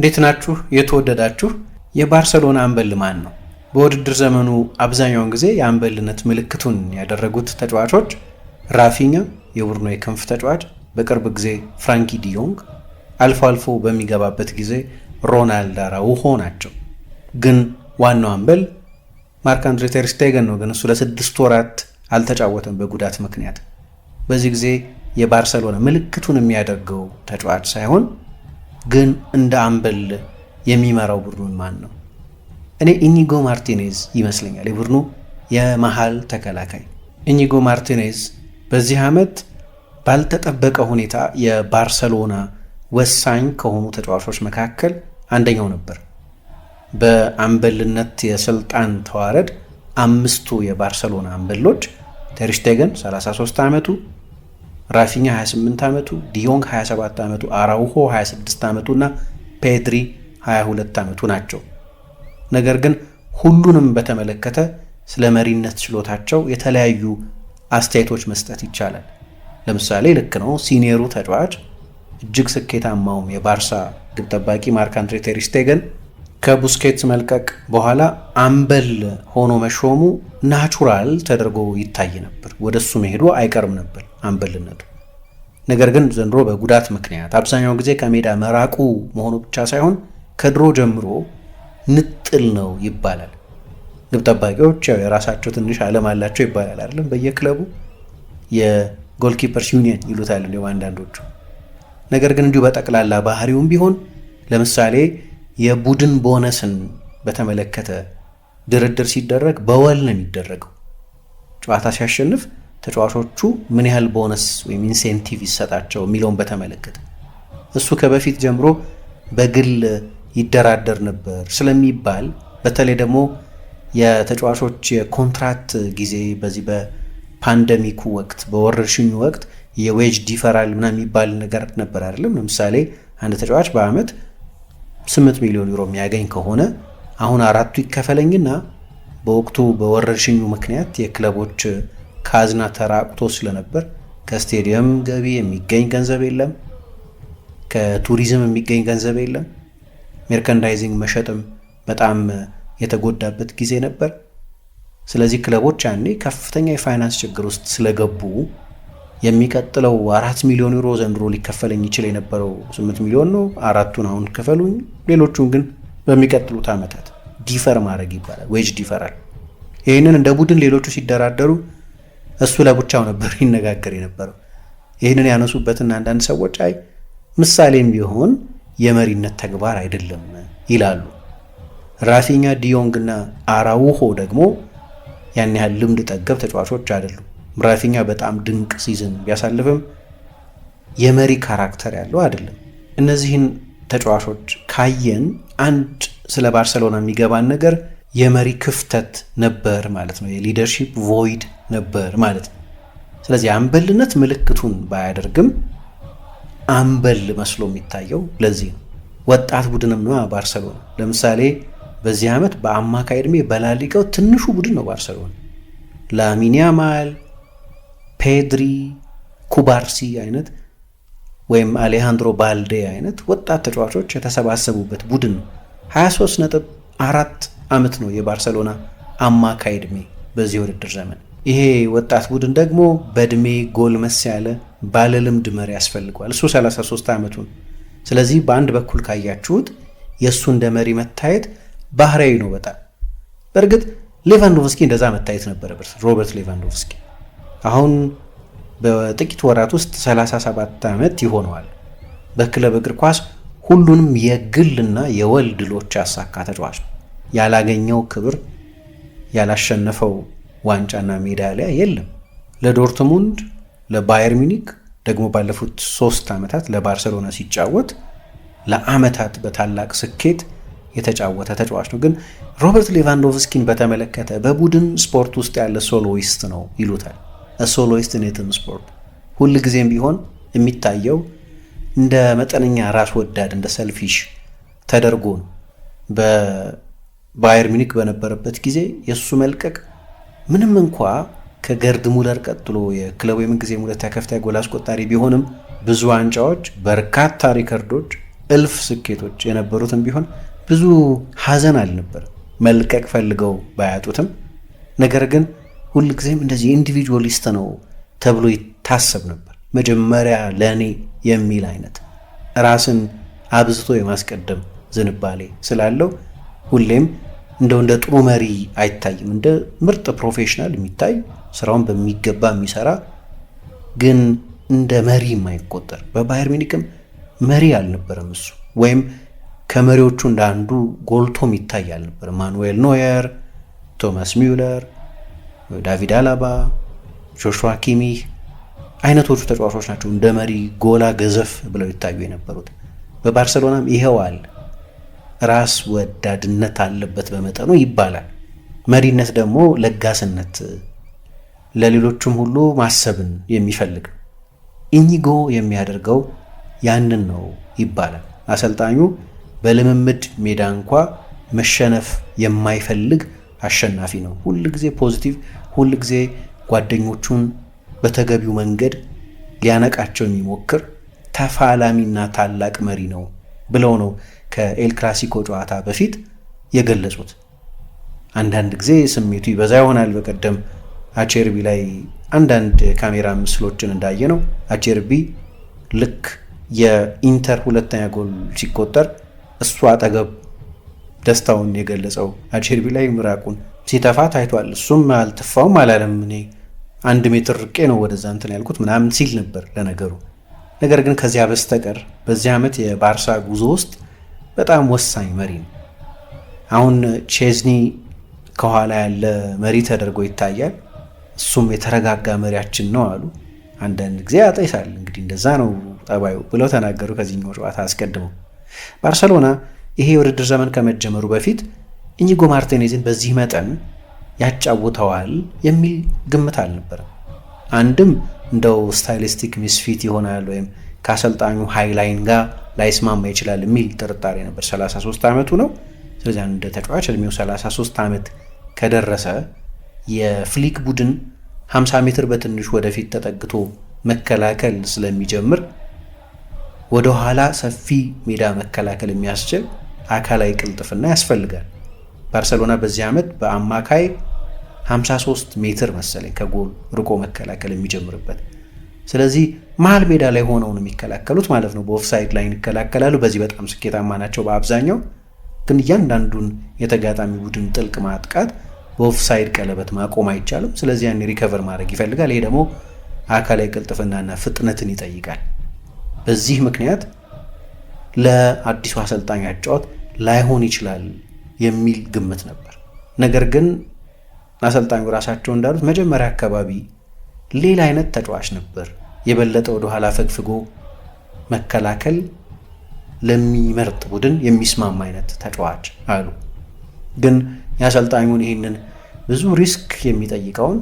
እንዴት ናችሁ የተወደዳችሁ የባርሰሎና አምበል ማን ነው? በውድድር ዘመኑ አብዛኛውን ጊዜ የአምበልነት ምልክቱን ያደረጉት ተጫዋቾች ራፊኛ፣ የቡድኑ የክንፍ ተጫዋች፣ በቅርብ ጊዜ ፍራንኪ ዲዮንግ፣ አልፎ አልፎ በሚገባበት ጊዜ ሮናልድ አራውሆ ናቸው። ግን ዋናው አምበል ማርክ አንድሬ ተር ስቴገን ነው። ግን እሱ ለስድስት ወራት አልተጫወተም በጉዳት ምክንያት። በዚህ ጊዜ የባርሰሎና ምልክቱን የሚያደርገው ተጫዋች ሳይሆን ግን እንደ አምበል የሚመራው ቡድኑን ማን ነው? እኔ ኢኒጎ ማርቲኔዝ ይመስለኛል የቡድኑ የመሃል ተከላካይ ኢኒጎ ማርቲኔዝ በዚህ ዓመት ባልተጠበቀ ሁኔታ የባርሰሎና ወሳኝ ከሆኑ ተጫዋቾች መካከል አንደኛው ነበር። በአምበልነት የስልጣን ተዋረድ አምስቱ የባርሰሎና አምበሎች ተርሽቴገን 33 ዓመቱ ራፊኛ 28 ዓመቱ፣ ዲዮንግ 27 ዓመቱ፣ አራውሆ 26 ዓመቱ እና ፔድሪ 22 ዓመቱ ናቸው። ነገር ግን ሁሉንም በተመለከተ ስለ መሪነት ችሎታቸው የተለያዩ አስተያየቶች መስጠት ይቻላል። ለምሳሌ ልክ ነው ሲኒየሩ ተጫዋች እጅግ ስኬታማውም የባርሳ ግብ ጠባቂ ማርክ አንድሬ ቴር ስቴገን ከቡስኬት መልቀቅ በኋላ አምበል ሆኖ መሾሙ ናቹራል ተደርጎ ይታይ ነበር። ወደሱ መሄዱ አይቀርም ነበር አምበልነቱ። ነገር ግን ዘንድሮ በጉዳት ምክንያት አብዛኛውን ጊዜ ከሜዳ መራቁ መሆኑ ብቻ ሳይሆን ከድሮ ጀምሮ ንጥል ነው ይባላል። ግብ ጠባቂዎች ያው የራሳቸው ትንሽ ዓለም አላቸው ይባላል አይደለም? በየክለቡ የጎልኪፐርስ ዩኒየን ይሉታል አንዳንዶቹ። ነገር ግን እንዲሁ በጠቅላላ ባህሪውም ቢሆን ለምሳሌ የቡድን ቦነስን በተመለከተ ድርድር ሲደረግ በወል ነው የሚደረገው። ጨዋታ ሲያሸንፍ ተጫዋቾቹ ምን ያህል ቦነስ ወይም ኢንሴንቲቭ ይሰጣቸው የሚለውን በተመለከተ እሱ ከበፊት ጀምሮ በግል ይደራደር ነበር ስለሚባል በተለይ ደግሞ የተጫዋቾች የኮንትራክት ጊዜ በዚህ በፓንደሚኩ ወቅት በወረርሽኙ ወቅት የዌጅ ዲፈራል ምናምን የሚባል ነገር ነበር አይደለም። ለምሳሌ አንድ ተጫዋች በአመት ስምንት ሚሊዮን ዩሮ የሚያገኝ ከሆነ አሁን አራቱ ይከፈለኝና በወቅቱ በወረርሽኙ ምክንያት የክለቦች ካዝና ተራቁቶ ስለነበር ከስቴዲየም ገቢ የሚገኝ ገንዘብ የለም፣ ከቱሪዝም የሚገኝ ገንዘብ የለም። ሜርካንዳይዚንግ መሸጥም በጣም የተጎዳበት ጊዜ ነበር። ስለዚህ ክለቦች ያኔ ከፍተኛ የፋይናንስ ችግር ውስጥ ስለገቡ የሚቀጥለው አራት ሚሊዮን ዩሮ ዘንድሮ ሊከፈለኝ ይችል የነበረው ስምንት ሚሊዮን ነው። አራቱን አሁን ክፈሉኝ፣ ሌሎቹን ግን በሚቀጥሉት ዓመታት ዲፈር ማድረግ ይባላል። ዌጅ ዲፈራል። ይህንን እንደ ቡድን ሌሎቹ ሲደራደሩ እሱ ለብቻው ነበር ይነጋገር የነበረው። ይህንን ያነሱበትና አንዳንድ ሰዎች አይ ምሳሌም ቢሆን የመሪነት ተግባር አይደለም ይላሉ። ራፊኛ ዲዮንግና አራውሆ ደግሞ ያን ያህል ልምድ ጠገብ ተጫዋቾች አይደሉም። ራፊኛ በጣም ድንቅ ሲዝን ቢያሳልፍም የመሪ ካራክተር ያለው አይደለም። እነዚህን ተጫዋቾች ካየን አንድ ስለ ባርሰሎና የሚገባን ነገር የመሪ ክፍተት ነበር ማለት ነው። የሊደርሺፕ ቮይድ ነበር ማለት ነው። ስለዚህ አምበልነት ምልክቱን ባያደርግም አምበል መስሎ የሚታየው ለዚህ ነው። ወጣት ቡድንም ነው ባርሰሎና። ለምሳሌ በዚህ ዓመት በአማካይ ዕድሜ በላሊጋው ትንሹ ቡድን ነው ባርሰሎና። ላሚን ያማል ፔድሪ ኩባርሲ አይነት ወይም አሌሃንድሮ ባልዴ አይነት ወጣት ተጫዋቾች የተሰባሰቡበት ቡድን ነው። 23 ነጥብ አራት ዓመት ነው የባርሰሎና አማካይ ዕድሜ በዚህ ውድድር ዘመን። ይሄ ወጣት ቡድን ደግሞ በእድሜ ጎልመስ ያለ ባለልምድ መሪ ያስፈልገዋል። እሱ 33 ዓመቱን። ስለዚህ በአንድ በኩል ካያችሁት የእሱ እንደ መሪ መታየት ባህሪያዊ ነው በጣም በእርግጥ ሌቫንዶቭስኪ እንደዛ መታየት ነበረበት ሮበርት ሌቫንዶቭስኪ አሁን በጥቂት ወራት ውስጥ 37 ዓመት ይሆነዋል። በክለብ እግር ኳስ ሁሉንም የግልና የወል ድሎች ያሳካ ተጫዋች ነው። ያላገኘው ክብር፣ ያላሸነፈው ዋንጫና ሜዳሊያ የለም። ለዶርትሙንድ፣ ለባየር ሚኒክ ደግሞ ባለፉት ሶስት ዓመታት ለባርሰሎና ሲጫወት ለዓመታት በታላቅ ስኬት የተጫወተ ተጫዋች ነው። ግን ሮበርት ሌቫንዶቭስኪን በተመለከተ በቡድን ስፖርት ውስጥ ያለ ሶሎዊስት ነው ይሉታል። ሶሎይስት ኢን ስፖርት ሁል ጊዜም ቢሆን የሚታየው እንደ መጠነኛ ራስ ወዳድ እንደ ሰልፊሽ ተደርጎ ነው። በባየር ሚኒክ በነበረበት ጊዜ የእሱ መልቀቅ ምንም እንኳ ከገርድ ሙለር ቀጥሎ የክለቡ የምንጊዜም ሁለተኛ ከፍተኛ ጎል አስቆጣሪ ቢሆንም ብዙ ዋንጫዎች፣ በርካታ ሪከርዶች፣ እልፍ ስኬቶች የነበሩትም ቢሆን ብዙ ሀዘን አልነበር መልቀቅ ፈልገው ባያጡትም ነገር ግን ሁልጊዜም እንደዚህ ኢንዲቪጁዋሊስት ነው ተብሎ ይታሰብ ነበር። መጀመሪያ ለእኔ የሚል አይነት ራስን አብዝቶ የማስቀደም ዝንባሌ ስላለው ሁሌም እንደው እንደ ጥሩ መሪ አይታይም። እንደ ምርጥ ፕሮፌሽናል የሚታይ ስራውን በሚገባ የሚሰራ ግን እንደ መሪ የማይቆጠር በባየር ሚኒክም መሪ አልነበረም እሱ ወይም ከመሪዎቹ እንደ አንዱ ጎልቶም ይታይ አልነበረም። ማኑዌል ኖየር፣ ቶማስ ሚውለር ዳቪድ አላባ፣ ጆሹዋ ኪሚህ አይነቶቹ ተጫዋቾች ናቸው እንደ መሪ ጎላ ገዘፍ ብለው ይታዩ የነበሩት። በባርሰሎናም ይኸዋል ራስ ወዳድነት አለበት በመጠኑ ይባላል። መሪነት ደግሞ ለጋስነት፣ ለሌሎችም ሁሉ ማሰብን የሚፈልግ ነው። ኢኒጎ የሚያደርገው ያንን ነው ይባላል። አሰልጣኙ በልምምድ ሜዳ እንኳ መሸነፍ የማይፈልግ አሸናፊ ነው። ጊዜ ፖዚቲቭ ሁል ጊዜ ጓደኞቹን በተገቢው መንገድ ሊያነቃቸው የሚሞክር ተፋላሚና ታላቅ መሪ ነው ብለው ነው ከኤል ክላሲኮ ጨዋታ በፊት የገለጹት። አንዳንድ ጊዜ ስሜቱ ይበዛ ይሆናል። በቀደም አቼርቢ ላይ አንዳንድ ካሜራ ምስሎችን እንዳየ ነው አቼርቢ ልክ የኢንተር ሁለተኛ ጎል ሲቆጠር እሱ አጠገብ ደስታውን የገለጸው አቼርቢ ላይ ምራቁን ሲተፋ ታይቷል። እሱም አልተፋውም አላለም። እኔ አንድ ሜትር ርቄ ነው ወደዛ እንትን ያልኩት ምናምን ሲል ነበር ለነገሩ። ነገር ግን ከዚያ በስተቀር በዚህ ዓመት የባርሳ ጉዞ ውስጥ በጣም ወሳኝ መሪ ነው። አሁን ቼዝኒ ከኋላ ያለ መሪ ተደርጎ ይታያል። እሱም የተረጋጋ መሪያችን ነው አሉ። አንዳንድ ጊዜ ያጠይሳል። እንግዲህ እንደዛ ነው ጠባዩ ብለው ተናገሩ። ከዚህኛው ጨዋታ አስቀድመው ባርሰሎና ይሄ የውድድር ዘመን ከመጀመሩ በፊት ኢኒጎ ማርቴኔዝን በዚህ መጠን ያጫውተዋል የሚል ግምት አልነበረም። አንድም እንደው ስታይሊስቲክ ሚስፊት ይሆናል ወይም ከአሰልጣኙ ሃይላይን ጋር ላይስማማ ይችላል የሚል ጥርጣሬ ነበር። 33 ዓመቱ ነው። ስለዚህ እንደ ተጫዋች እድሜው 33 ዓመት ከደረሰ የፍሊክ ቡድን 50 ሜትር በትንሹ ወደፊት ተጠግቶ መከላከል ስለሚጀምር ወደኋላ ሰፊ ሜዳ መከላከል የሚያስችል አካላዊ ቅልጥፍና ያስፈልጋል። ባርሰሎና በዚህ ዓመት በአማካይ 53 ሜትር መሰለኝ ከጎል ርቆ መከላከል የሚጀምርበት። ስለዚህ መሀል ሜዳ ላይ ሆነው ነው የሚከላከሉት ማለት ነው። በኦፍሳይድ ላይ ይከላከላሉ። በዚህ በጣም ስኬታማ ናቸው። በአብዛኛው ግን እያንዳንዱን የተጋጣሚ ቡድን ጥልቅ ማጥቃት በኦፍሳይድ ቀለበት ማቆም አይቻልም። ስለዚህ ያን ሪከቨር ማድረግ ይፈልጋል። ይሄ ደግሞ አካላዊ ቅልጥፍናና ፍጥነትን ይጠይቃል። በዚህ ምክንያት ለአዲሱ አሰልጣኝ አጫወት ላይሆን ይችላል የሚል ግምት ነበር። ነገር ግን አሰልጣኙ ራሳቸው እንዳሉት መጀመሪያ አካባቢ ሌላ አይነት ተጫዋች ነበር። የበለጠ ወደኋላ ፈግፍጎ መከላከል ለሚመርጥ ቡድን የሚስማማ አይነት ተጫዋች አሉ። ግን የአሰልጣኙን ይህንን ብዙ ሪስክ የሚጠይቀውን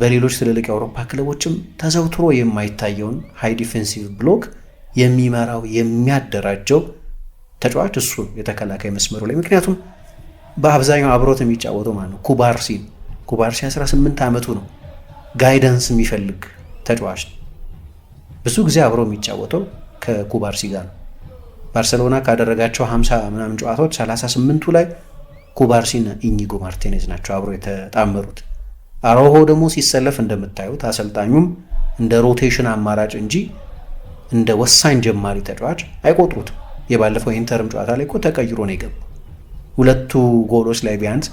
በሌሎች ትልልቅ የአውሮፓ ክለቦችም ተዘውትሮ የማይታየውን ሃይ ዲፌንሲቭ ብሎክ የሚመራው የሚያደራጀው ተጫዋች እሱ የተከላካይ መስመሩ ላይ ምክንያቱም በአብዛኛው አብሮት የሚጫወተው ማለት ነው። ኩባርሲ ኩባርሲ 18 ዓመቱ ነው። ጋይደንስ የሚፈልግ ተጫዋች ነው። ብዙ ጊዜ አብሮ የሚጫወተው ከኩባርሲ ጋር ነው። ባርሰሎና ካደረጋቸው 50 ምናምን ጨዋታዎች 38ቱ ላይ ኩባርሲና ኢኒጎ ማርቲኔዝ ናቸው አብሮ የተጣመሩት። አሮሆ ደግሞ ሲሰለፍ እንደምታዩት አሰልጣኙም እንደ ሮቴሽን አማራጭ እንጂ እንደ ወሳኝ ጀማሪ ተጫዋች አይቆጥሩትም። የባለፈው ኢንተርም ጨዋታ ላይ እኮ ተቀይሮ ነው የገባው። ሁለቱ ጎሎች ላይ ቢያንስ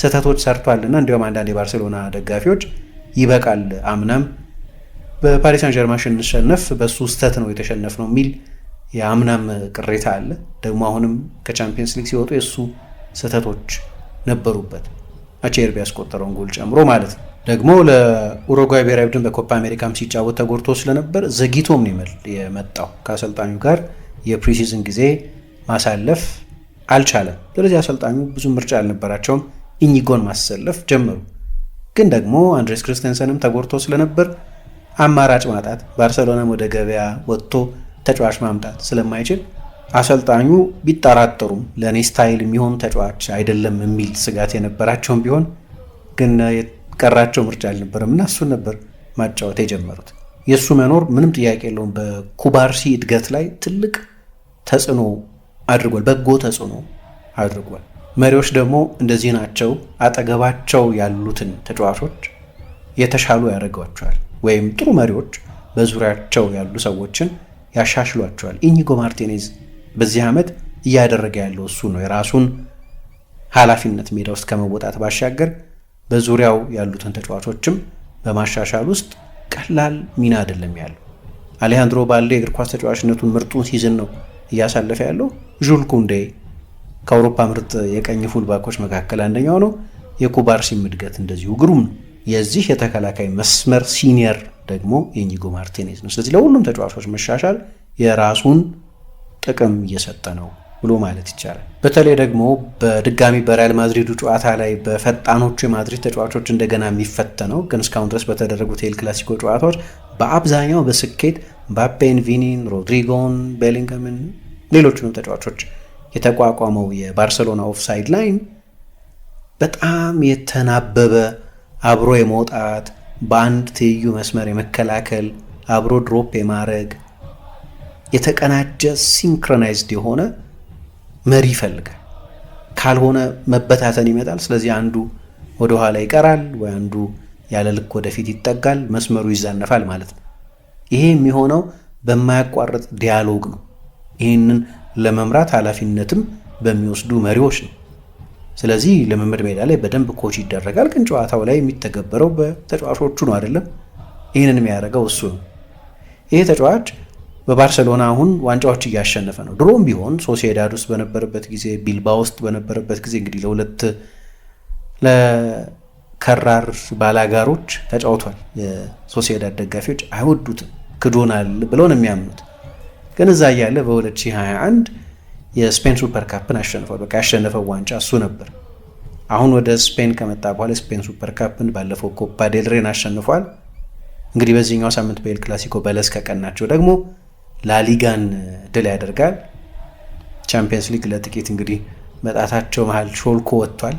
ስህተቶች ሰርቷልና እንዲሁም አንዳንድ የባርሴሎና ደጋፊዎች ይበቃል፣ አምናም በፓሪስ ሳን ጀርማን ስንሸነፍ በእሱ ስህተት ነው የተሸነፍ ነው የሚል የአምናም ቅሬታ አለ። ደግሞ አሁንም ከቻምፒየንስ ሊግ ሲወጡ የእሱ ስህተቶች ነበሩበት፣ አቼርቢ ያስቆጠረውን ጎል ጨምሮ ማለት ነው። ደግሞ ለኡሩጓይ ብሔራዊ ቡድን በኮፓ አሜሪካም ሲጫወት ተጎድቶ ስለነበር ዘግይቶም ነው የመጣው ከአሰልጣኙ ጋር የፕሪሲዝን ጊዜ ማሳለፍ አልቻለም። ስለዚህ አሰልጣኙ ብዙ ምርጫ አልነበራቸውም። ኢኒጎን ማሰለፍ ጀመሩ። ግን ደግሞ አንድሬስ ክርስተንሰንም ተጎድቶ ስለነበር አማራጭ ማጣት፣ ባርሰሎናም ወደ ገበያ ወጥቶ ተጫዋች ማምጣት ስለማይችል አሰልጣኙ ቢጠራጠሩም ለእኔ ስታይል የሚሆን ተጫዋች አይደለም የሚል ስጋት የነበራቸውም ቢሆን ግን የቀራቸው ምርጫ አልነበረም እና እሱን ነበር ማጫወት የጀመሩት። የእሱ መኖር ምንም ጥያቄ የለውም በኩባርሲ እድገት ላይ ትልቅ ተጽዕኖ አድርጓል። በጎ ተጽዕኖ አድርጓል። መሪዎች ደግሞ እንደዚህ ናቸው። አጠገባቸው ያሉትን ተጫዋቾች የተሻሉ ያደርገዋቸዋል፣ ወይም ጥሩ መሪዎች በዙሪያቸው ያሉ ሰዎችን ያሻሽሏቸዋል። ኢኒጎ ማርቲኔዝ በዚህ ዓመት እያደረገ ያለው እሱ ነው። የራሱን ኃላፊነት ሜዳ ውስጥ ከመወጣት ባሻገር በዙሪያው ያሉትን ተጫዋቾችም በማሻሻል ውስጥ ቀላል ሚና አይደለም ያለው። አሌሃንድሮ ባሌ የእግር ኳስ ተጫዋችነቱን ምርጡን ሲዝን ነው እያሳለፈ ያለው ዡል ኩንዴ ከአውሮፓ ምርጥ የቀኝ ፉልባኮች መካከል አንደኛው ነው። የኩባርሲም እድገት እንደዚሁ ግሩም ነው። የዚህ የተከላካይ መስመር ሲኒየር ደግሞ የኢኒጎ ማርቲኔዝ ነው። ስለዚህ ለሁሉም ተጫዋቾች መሻሻል የራሱን ጥቅም እየሰጠ ነው ብሎ ማለት ይቻላል። በተለይ ደግሞ በድጋሚ በሪያል ማድሪዱ ጨዋታ ላይ በፈጣኖቹ የማድሪድ ተጫዋቾች እንደገና የሚፈተነው ግን እስካሁን ድረስ በተደረጉት ኤል ክላሲኮ ጨዋታዎች በአብዛኛው በስኬት ምባፔን፣ ቪኒን፣ ሮድሪጎን፣ ቤሊንገምን ሌሎቹንም ተጫዋቾች የተቋቋመው የባርሰሎና ኦፍሳይድ ላይን በጣም የተናበበ አብሮ የመውጣት በአንድ ትይዩ መስመር የመከላከል አብሮ ድሮፕ የማድረግ የተቀናጀ ሲንክሮናይዝድ የሆነ መሪ ይፈልጋል። ካልሆነ መበታተን ይመጣል። ስለዚህ አንዱ ወደኋላ ይቀራል ወይ አንዱ ያለ ልክ ወደፊት ይጠጋል፣ መስመሩ ይዛነፋል ማለት ነው። ይሄ የሚሆነው በማያቋርጥ ዲያሎግ ነው። ይህንን ለመምራት ኃላፊነትም በሚወስዱ መሪዎች ነው። ስለዚህ ልምምድ ሜዳ ላይ በደንብ ኮች ይደረጋል፣ ግን ጨዋታው ላይ የሚተገበረው በተጫዋቾቹ ነው አይደለም? ይህንን የሚያደርገው እሱ ነው። ይሄ ተጫዋች በባርሰሎና አሁን ዋንጫዎች እያሸነፈ ነው። ድሮም ቢሆን ሶሲዳድ ውስጥ በነበረበት ጊዜ፣ ቢልባ ውስጥ በነበረበት ጊዜ እንግዲህ ለሁለት ለከራር ባላጋሮች ተጫውቷል። የሶሲዳድ ደጋፊዎች አይወዱትም። ክዶናል ብለው ነው የሚያምኑት። ግን እዛ እያለ በ2021 የስፔን ሱፐር ካፕን አሸንፏል። በቃ ያሸነፈው ዋንጫ እሱ ነበር። አሁን ወደ ስፔን ከመጣ በኋላ ስፔን ሱፐር ካፕን ባለፈው ኮፓ ዴልሬን አሸንፏል። እንግዲህ በዚህኛው ሳምንት በኤል ክላሲኮ በለስ ከቀናቸው ደግሞ ላሊጋን ድል ያደርጋል። ቻምፒየንስ ሊግ ለጥቂት እንግዲህ መጣታቸው መሀል ሾልኮ ወጥቷል።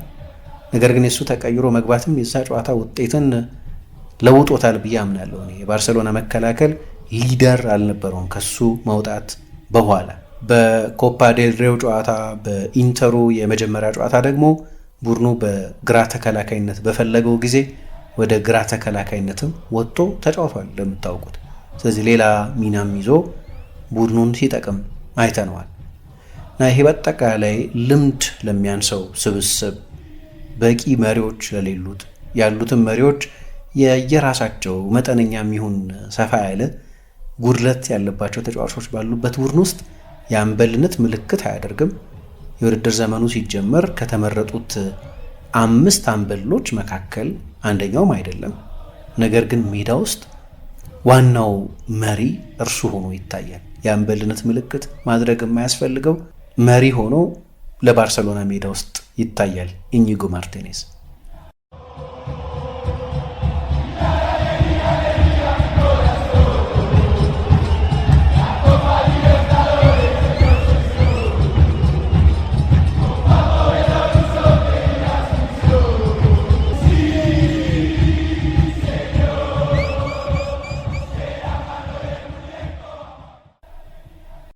ነገር ግን የሱ ተቀይሮ መግባትም የዛ ጨዋታ ውጤትን ለውጦታል ብዬ አምናለሁ። የባርሰሎና መከላከል ሊደር አልነበረውም ከሱ መውጣት በኋላ በኮፓ ዴልሬው ጨዋታ በኢንተሩ የመጀመሪያ ጨዋታ ደግሞ ቡድኑ በግራ ተከላካይነት በፈለገው ጊዜ ወደ ግራ ተከላካይነትም ወጥቶ ተጫውቷል እንደምታውቁት። ስለዚህ ሌላ ሚናም ይዞ ቡድኑን ሲጠቅም አይተነዋል እና ይሄ በአጠቃላይ ልምድ ለሚያንሰው ስብስብ፣ በቂ መሪዎች ለሌሉት ያሉትን መሪዎች የየራሳቸው መጠነኛ የሚሆን ሰፋ ያለ ጉድለት ያለባቸው ተጫዋቾች ባሉበት ቡድን ውስጥ የአምበልነት ምልክት አያደርግም። የውድድር ዘመኑ ሲጀመር ከተመረጡት አምስት አምበሎች መካከል አንደኛውም አይደለም። ነገር ግን ሜዳ ውስጥ ዋናው መሪ እርሱ ሆኖ ይታያል። የአምበልነት ምልክት ማድረግ የማያስፈልገው መሪ ሆኖ ለባርሰሎና ሜዳ ውስጥ ይታያል ኢኒጎ ማርቴኔዝ።